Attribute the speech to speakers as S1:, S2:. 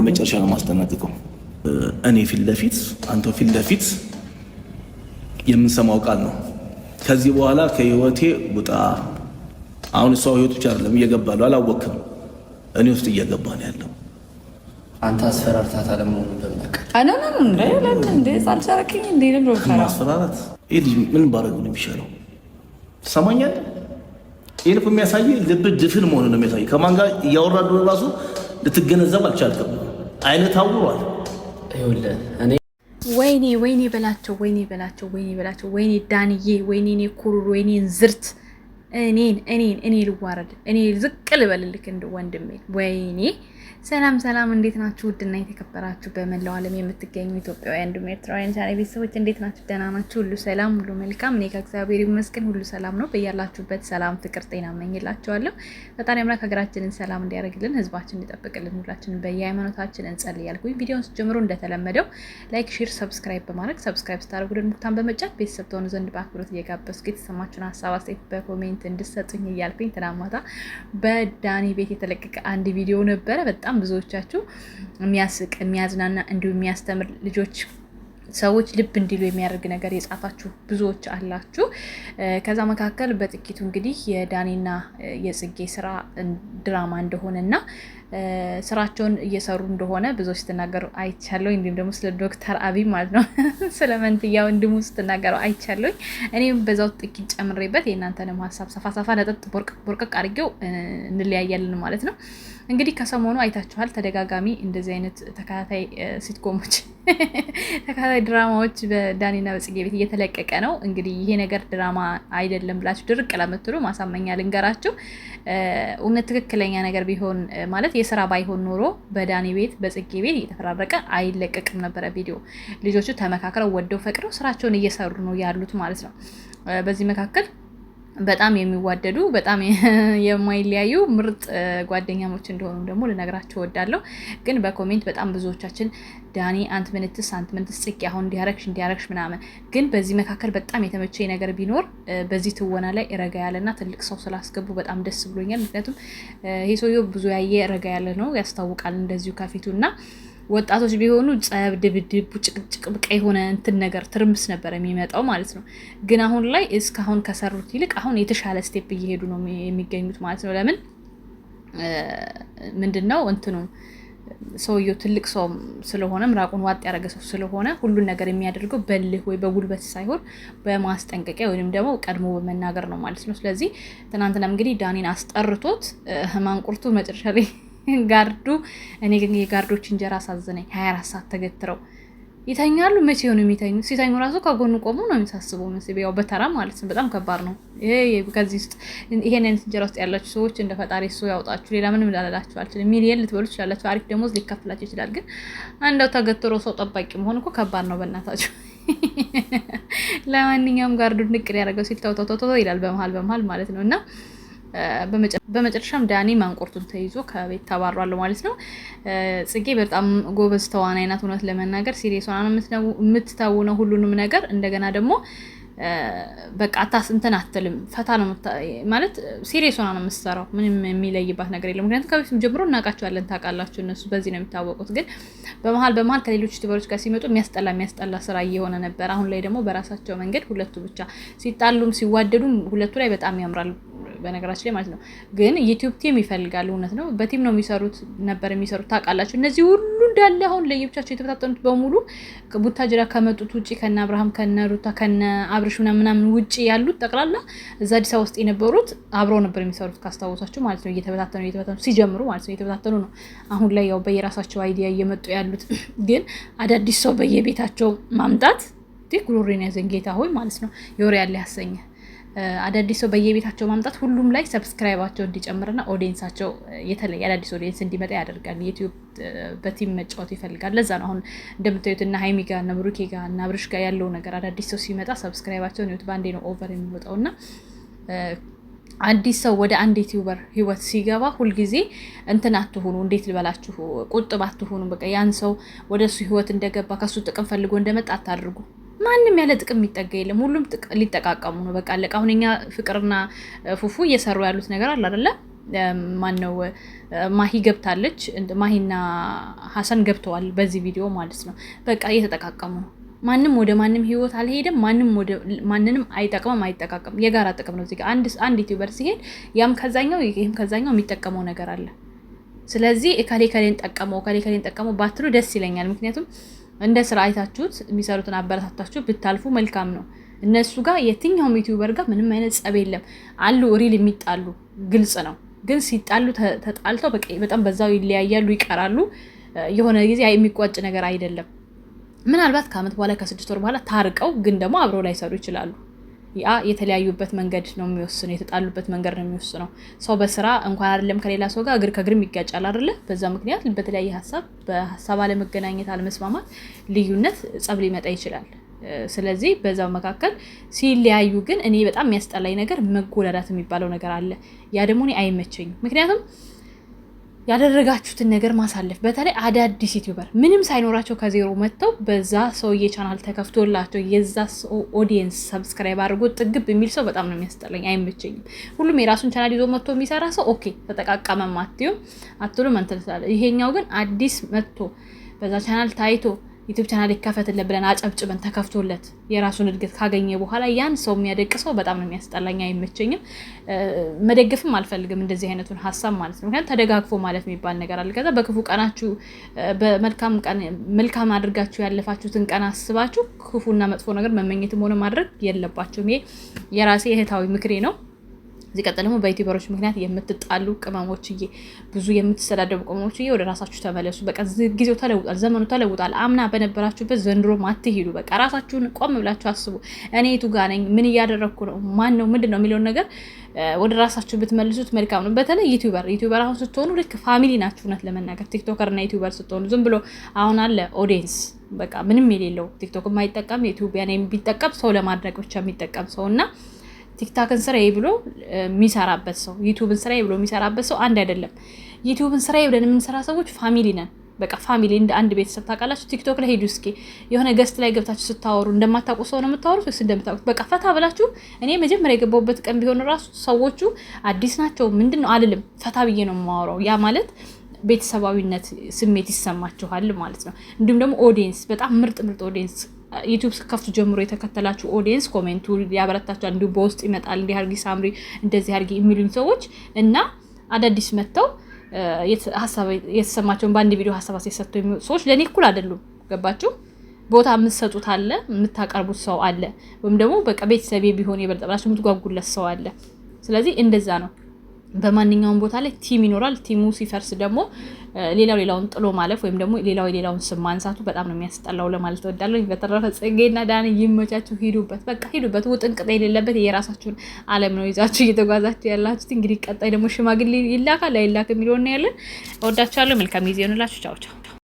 S1: የመጨረሻ ነው ማስጠነቅቀው። እኔ ፊት ለፊት አንተ ፊት ለፊት የምንሰማው ቃል ነው። ከዚህ በኋላ ከህይወቴ ውጣ። አሁን እሷ ህይወት ብቻ አይደለም እየገባ ነው፣ አላወቅም እኔ ውስጥ እየገባ ነው ያለው።
S2: አንተ አስፈራርታት አለመሆኑ
S1: ይህ ምን ባረግ ነው የሚሻለው? ሰማኛል። ይህ የሚያሳይ ልብ ድፍን መሆኑ ነው የሚያሳይ። ከማን ጋር እያወራዱ ራሱ ልትገነዘብ አልቻልክም። አይነ ታውሯል።
S2: እኔ
S3: ወይኔ ወይኔ በላቸው ወይኔ በላቸው ወይኔ በላቸው ወይኔ ዳንዬ ወይኔ እኔ ኩሩር ወይኔ ዝርት እኔን እኔን እኔ ልዋረድ እኔ ዝቅ ልበልልክ እንደ ወንድሜ ወይኔ ሰላም ሰላም፣ እንዴት ናችሁ? ውድና የተከበራችሁ በመላው ዓለም የምትገኙ ኢትዮጵያውያን እንዲሁም ኤርትራውያን ቻናል ቤተሰቦች እንዴት ናችሁ? ደህና ናችሁ? ሁሉ ሰላም፣ ሁሉ መልካም። እኔ ከእግዚአብሔር ይመስገን ሁሉ ሰላም ነው። በያላችሁበት ሰላም፣ ፍቅር፣ ጤና እመኝላችኋለሁ። ፈጣሪ አምላክ ሀገራችንን ሰላም እንዲያደርግልን፣ ህዝባችን እንዲጠብቅልን፣ ሁላችንን በየሃይማኖታችን እንጸልይ ቪዲዮን ቪዲዮውን ስጀምሮ እንደተለመደው ላይክ፣ ሼር፣ ሰብስክራይብ በማድረግ ሰብስክራይብ ስታደርጉ ደን ሙታን በመጫት ቤተሰብ ተሆኑ ዘንድ በአክብሮት እየጋበዝኩ የተሰማችሁን ሀሳብ አስተያየት በኮሜንት እንድሰጡኝ እያልኩኝ ትናንት ማታ በዳኒ ቤት የተለቀቀ አንድ ቪዲዮ ነበረ በጣም በጣም ብዙዎቻችሁ የሚያስቅ የሚያዝናና እንዲሁም የሚያስተምር ልጆች ሰዎች ልብ እንዲሉ የሚያደርግ ነገር የጻፋችሁ ብዙዎች አላችሁ። ከዛ መካከል በጥቂቱ እንግዲህ የዳኒና የጽጌ ስራ ድራማ እንደሆነ እንደሆነና ስራቸውን እየሰሩ እንደሆነ ብዙዎች ስትናገሩ አይቻለሁ። እንዲሁም ደግሞ ስለ ዶክተር አብይ ማለት ነው ስለ መንትያ ወንድሙ ስትናገረው አይቻለሁ። እኔም በዛው ጥቂት ጨምሬበት የእናንተንም ሀሳብ ሰፋ ሰፋ ለጠጥ ቦርቀቅ አድርጌው እንለያያለን ማለት ነው። እንግዲህ ከሰሞኑ አይታችኋል ተደጋጋሚ እንደዚህ አይነት ተከታታይ ሲትኮሞች ተከታታይ ድራማዎች በዳኒና በጽጌ ቤት እየተለቀቀ ነው። እንግዲህ ይሄ ነገር ድራማ አይደለም ብላችሁ ድርቅ ለምትሉ ማሳመኛ ልንገራችሁ፣ እውነት ትክክለኛ ነገር ቢሆን ማለት የስራ ባይሆን ኖሮ በዳኒ ቤት በጽጌ ቤት እየተፈራረቀ አይለቀቅም ነበረ ቪዲዮ። ልጆቹ ተመካክረው ወደው ፈቅደው ስራቸውን እየሰሩ ነው ያሉት ማለት ነው። በዚህ መካከል በጣም የሚዋደዱ በጣም የማይለያዩ ምርጥ ጓደኛሞች እንደሆኑ ደግሞ ልነግራቸው እወዳለሁ። ግን በኮሜንት በጣም ብዙዎቻችን ዳኒ አንት ምንትስ አንት ምንትስ ጽጌ አሁን እንዲያረግሽ እንዲያረግሽ ምናምን። ግን በዚህ መካከል በጣም የተመቸኝ ነገር ቢኖር በዚህ ትወና ላይ ረጋ ያለና ትልቅ ሰው ስላስገቡ በጣም ደስ ብሎኛል። ምክንያቱም ይህ ሰውዬው ብዙ ያየ ረጋ ያለ ነው ያስታውቃል እንደዚሁ ከፊቱ እና ወጣቶች ቢሆኑ ጸብ፣ ድብድብ፣ ጭቅጭቅ ብቃ የሆነ እንትን ነገር ትርምስ ነበር የሚመጣው ማለት ነው። ግን አሁን ላይ እስካሁን ከሰሩት ይልቅ አሁን የተሻለ ስቴፕ እየሄዱ ነው የሚገኙት ማለት ነው። ለምን ምንድን ነው እንትኑ ሰውየው ትልቅ ሰው ስለሆነ ምራቁን ዋጥ ያደረገ ሰው ስለሆነ ሁሉን ነገር የሚያደርገው በልህ ወይ በጉልበት ሳይሆን በማስጠንቀቂያ ወይም ደግሞ ቀድሞ በመናገር ነው ማለት ነው። ስለዚህ ትናንትናም እንግዲህ ዳኒን አስጠርቶት ማንቁርቱ መጨረሻ ላይ ጋርዱ። እኔ ግን የጋርዶች እንጀራ አሳዝነኝ። ሀያ አራት ሰዓት ተገትረው ይተኛሉ። መቼ ሆኑ የሚተኙ? ሲተኙ ራሱ ከጎኑ ቆሞ ነው የሚሳስበው። ምስል ያው በተራ ማለት ነው። በጣም ከባድ ነው። ከዚህ ውስጥ ይሄን አይነት እንጀራ ውስጥ ያላችሁ ሰዎች እንደ ፈጣሪ እሱ ያውጣችሁ። ሌላ ምንም ላለላችሁ አልችልም። ሚሊየን ልትበሉ ትችላላችሁ። አሪፍ ደሞዝ ሊከፍላችሁ ይችላል። ግን አንዳው ተገትሮ ሰው ጠባቂ መሆን እኮ ከባድ ነው። በእናታችሁ ለማንኛውም ጋርዱ ንቅር ያደረገው ሲል ተውተውተውተው ይላል በመሀል በመሀል ማለት ነው እና በመጨረሻም ዳኒ ማንቆርቱን ተይዞ ከቤት ተባሯል ማለት ነው። ጽጌ በጣም ጎበዝ ተዋናይ ናት። እውነት ለመናገር ሲሪየሷ ሆና ነው ሁሉንም ነገር እንደገና ደግሞ በቃ አታስ እንትን አትልም። ፈታ ነው ማለት ሲሪየስ ሆና ነው የምትሰራው። ምንም የሚለይባት ነገር የለም። ምክንያቱም ከቤትም ጀምሮ እናውቃቸዋለን። ታውቃላችሁ፣ እነሱ በዚህ ነው የሚታወቁት። ግን በመሀል በመሀል ከሌሎች ዩቲዩበሮች ጋር ሲመጡ የሚያስጠላ የሚያስጠላ ስራ እየሆነ ነበር። አሁን ላይ ደግሞ በራሳቸው መንገድ ሁለቱ ብቻ ሲጣሉም ሲዋደዱም ሁለቱ ላይ በጣም ያምራል። በነገራችን ላይ ማለት ነው። ግን ዩቲዩብ ቲም ይፈልጋል። እውነት ነው። በቲም ነው የሚሰሩት ነበር የሚሰሩት ታውቃላችሁ። እነዚህ ሁሉ እንዳለ አሁን ለየብቻቸው የተበታተኑት በሙሉ ቡታጅራ ከመጡት ውጭ ከነ አብርሃም ከነ ሩታ ከነ አብርሽ ምናምን ውጭ ያሉት ጠቅላላ እዛ አዲስ አበባ ውስጥ የነበሩት አብረው ነበር የሚሰሩት ካስታወሳችሁ ማለት ነው። እየተበታተኑ እየተበታተኑ ሲጀምሩ ማለት ነው እየተበታተኑ ነው። አሁን ላይ ያው በየራሳቸው አይዲያ እየመጡ ያሉት ግን አዳዲስ ሰው በየቤታቸው ማምጣት ጉሮሬን ያዘን ጌታ ሆይ ማለት ነው። የወሬ ያለ ያሰኘ አዳዲስ ሰው በየቤታቸው ማምጣት ሁሉም ላይ ሰብስክራይባቸው እንዲጨምርና ኦዲየንሳቸው የተለየ አዳዲስ ኦዲየንስ እንዲመጣ ያደርጋል። ዩቲዩብ በቲም መጫወት ይፈልጋል። ለዛ ነው አሁን እንደምታዩት እና ሀይሚ ጋር እና ብሩኬ ጋር እና ብርሽ ያለው ነገር አዳዲስ ሰው ሲመጣ ሰብስክራይባቸውን ይወት አንዴ ነው ኦቨር የሚወጣው እና አዲስ ሰው ወደ አንድ ዩቲዩበር ህይወት ሲገባ ሁልጊዜ እንትን አትሁኑ፣ እንዴት ልበላችሁ፣ ቁጥብ አትሆኑ። በቃ ያን ሰው ወደ እሱ ህይወት እንደገባ ከሱ ጥቅም ፈልጎ እንደመጣ አታድርጉ። ማንም ያለ ጥቅም የሚጠጋ የለም። ሁሉም ሊጠቃቀሙ ነው። በቃ አለቀ። አሁን እኛ ፍቅርና ፉፉ እየሰሩ ያሉት ነገር አለ አይደለ? ማነው ማሂ ገብታለች። ማሂና ሀሰን ገብተዋል በዚህ ቪዲዮ ማለት ነው። በቃ እየተጠቃቀሙ ነው። ማንም ወደ ማንም ህይወት አልሄደም። ማንም ወደ ማንንም አይጠቅምም፣ አይጠቃቅም። የጋራ ጥቅም ነው። አንድ አንድ ዩቲዩበር ሲሄድ ያም ከዛኛው ይህም ከዛኛው የሚጠቀመው ነገር አለ። ስለዚህ እከሌ ከሌን ጠቀመው እከሌ ከሌን ጠቀመው ባትሉ ደስ ይለኛል። ምክንያቱም እንደ ስራ አይታችሁት የሚሰሩትን አበረታታችሁ ብታልፉ መልካም ነው። እነሱ ጋር የትኛውም ዩቲዩበር ጋር ምንም አይነት ጸብ የለም። አሉ ሪል የሚጣሉ ግልጽ ነው፣ ግን ሲጣሉ ተጣልተው በጣም በዛው ይለያያሉ፣ ይቀራሉ። የሆነ ጊዜ የሚቋጭ ነገር አይደለም። ምናልባት ከአመት በኋላ ከስድስት ወር በኋላ ታርቀው ግን ደግሞ አብረው ላይሰሩ ይችላሉ። ያ የተለያዩበት መንገድ ነው የሚወስነው፣ የተጣሉበት መንገድ ነው የሚወስነው። ሰው በስራ እንኳን አይደለም ከሌላ ሰው ጋር እግር ከእግርም ይጋጫል አይደለ? በዛ ምክንያት በተለያየ ሀሳብ በሀሳብ አለመገናኘት፣ አለመስማማት፣ ልዩነት ጸብ ሊመጣ ይችላል። ስለዚህ በዛ መካከል ሲለያዩ ግን እኔ በጣም የሚያስጠላኝ ነገር መጎዳዳት የሚባለው ነገር አለ። ያ ደግሞ እኔ አይመቸኝም ምክንያቱም ያደረጋችሁትን ነገር ማሳለፍ በተለይ አዳዲስ ዩቲዩበር ምንም ሳይኖራቸው ከዜሮ መጥተው በዛ ሰውዬ ቻናል ተከፍቶላቸው የዛ ሰው ኦዲየንስ ሰብስክራይብ አድርጎ ጥግብ የሚል ሰው በጣም ነው የሚያስጠላኝ፣ አይመቸኝም። ሁሉም የራሱን ቻናል ይዞ መጥቶ የሚሰራ ሰው ኦኬ ተጠቃቀመም አትዩም አትሉም እንትን ስላለ፣ ይሄኛው ግን አዲስ መጥቶ በዛ ቻናል ታይቶ ዩቲብ ቻናል ይከፈትልን ብለን አጨብጭበን ተከፍቶለት የራሱን እድገት ካገኘ በኋላ ያን ሰው የሚያደቅ ሰው በጣም ነው የሚያስጠላኝ፣ አይመቸኝም፣ መደገፍም አልፈልግም እንደዚህ አይነቱን ሀሳብ ማለት ነው። ምክንያቱም ተደጋግፎ ማለት የሚባል ነገር አለ። ከዛ በክፉ ቀናችሁ መልካም አድርጋችሁ ያለፋችሁትን ቀን አስባችሁ ክፉና መጥፎ ነገር መመኘትም ሆነ ማድረግ የለባችሁም። ይሄ የራሴ እህታዊ ምክሬ ነው። እዚህ ቀጥል ደግሞ በዩቲዩበሮች ምክንያት የምትጣሉ ቅመሞችዬ፣ ብዙ የምትሰዳደቡ ቅመሞችዬ ወደ ራሳችሁ ተመለሱ። በቃ ጊዜው ተለውጣል፣ ዘመኑ ተለውጣል። አምና በነበራችሁበት ዘንድሮ ማትሄዱ በቃ ራሳችሁን ቆም ብላችሁ አስቡ። እኔ የቱ ጋ ነኝ? ምን እያደረግኩ ነው? ማን ነው? ምንድን ነው የሚለውን ነገር ወደ ራሳችሁ ብትመልሱት መልካም ነው። በተለይ ዩቲዩበር ዩቲዩበር አሁን ስትሆኑ ልክ ፋሚሊ ናችሁ። እውነት ለመናገር ቲክቶከር እና ዩቲዩበር ስትሆኑ ዝም ብሎ አሁን አለ ኦዲየንስ በቃ ምንም የሌለው ቲክቶክ የማይጠቀም ዩቲዩብ ያን የሚጠቀም ሰው ለማድረግ ብቻ የሚጠቀም ሰው እና ቲክታክን ስራዬ ብሎ የሚሰራበት ሰው፣ ዩቱብን ስራዬ ብሎ የሚሰራበት ሰው አንድ አይደለም። ዩቱብን ስራዬ ብለን የምንሰራ ሰዎች ፋሚሊ ነን። በቃ ፋሚሊ እንደ አንድ ቤተሰብ ታውቃላችሁ። ቲክቶክ ላይ ሄዱ እስኪ የሆነ ገስት ላይ ገብታችሁ ስታወሩ እንደማታውቁ ሰው ነው የምታወሩት ወይስ እንደምታውቁት? በቃ ፈታ ብላችሁ እኔ መጀመሪያ የገባሁበት ቀን ቢሆን ራሱ ሰዎቹ አዲስ ናቸው ምንድን ነው አልልም፣ ፈታ ብዬ ነው የማወራው። ያ ማለት ቤተሰባዊነት ስሜት ይሰማችኋል ማለት ነው። እንዲሁም ደግሞ ኦዲየንስ በጣም ምርጥ ምርጥ ኦዲየንስ ዩቱብ ስከፍቱ ጀምሮ የተከተላችሁ ኦዲየንስ ኮሜንቱ ያበረታችኋል። አንዱ በውስጥ ይመጣል እንዲህ አርጊ ሳምሪ፣ እንደዚህ አርጊ የሚሉኝ ሰዎች እና አዳዲስ መጥተው የተሰማቸውን በአንድ ቪዲዮ ሀሳብ የሰጡ ሰዎች ለእኔ እኩል አይደሉም። ገባችሁ? ቦታ የምትሰጡት አለ፣ የምታቀርቡት ሰው አለ፣ ወይም ደግሞ በቃ ቤተሰቤ ቢሆን የበለጠ ብላችሁ የምትጓጉለት ሰው አለ። ስለዚህ እንደዛ ነው። በማንኛውም ቦታ ላይ ቲም ይኖራል። ቲሙ ሲፈርስ ደግሞ ሌላው ሌላውን ጥሎ ማለፍ ወይም ደግሞ ሌላው የሌላውን ስም ማንሳቱ በጣም ነው የሚያስጠላው ለማለት እወዳለሁ። በተረፈ ጽጌና ዳን ይመቻችሁ፣ ሂዱበት፣ በቃ ሂዱበት። ውጥንቅጥ የሌለበት የራሳችሁን ዓለም ነው ይዛችሁ እየተጓዛችሁ ያላችሁት። እንግዲህ ቀጣይ ደግሞ ሽማግሌ ይላካል አይላክ የሚለውን ያለን። እወዳችኋለሁ። መልካም ጊዜ ይሆንላችሁ። ቻው ቻው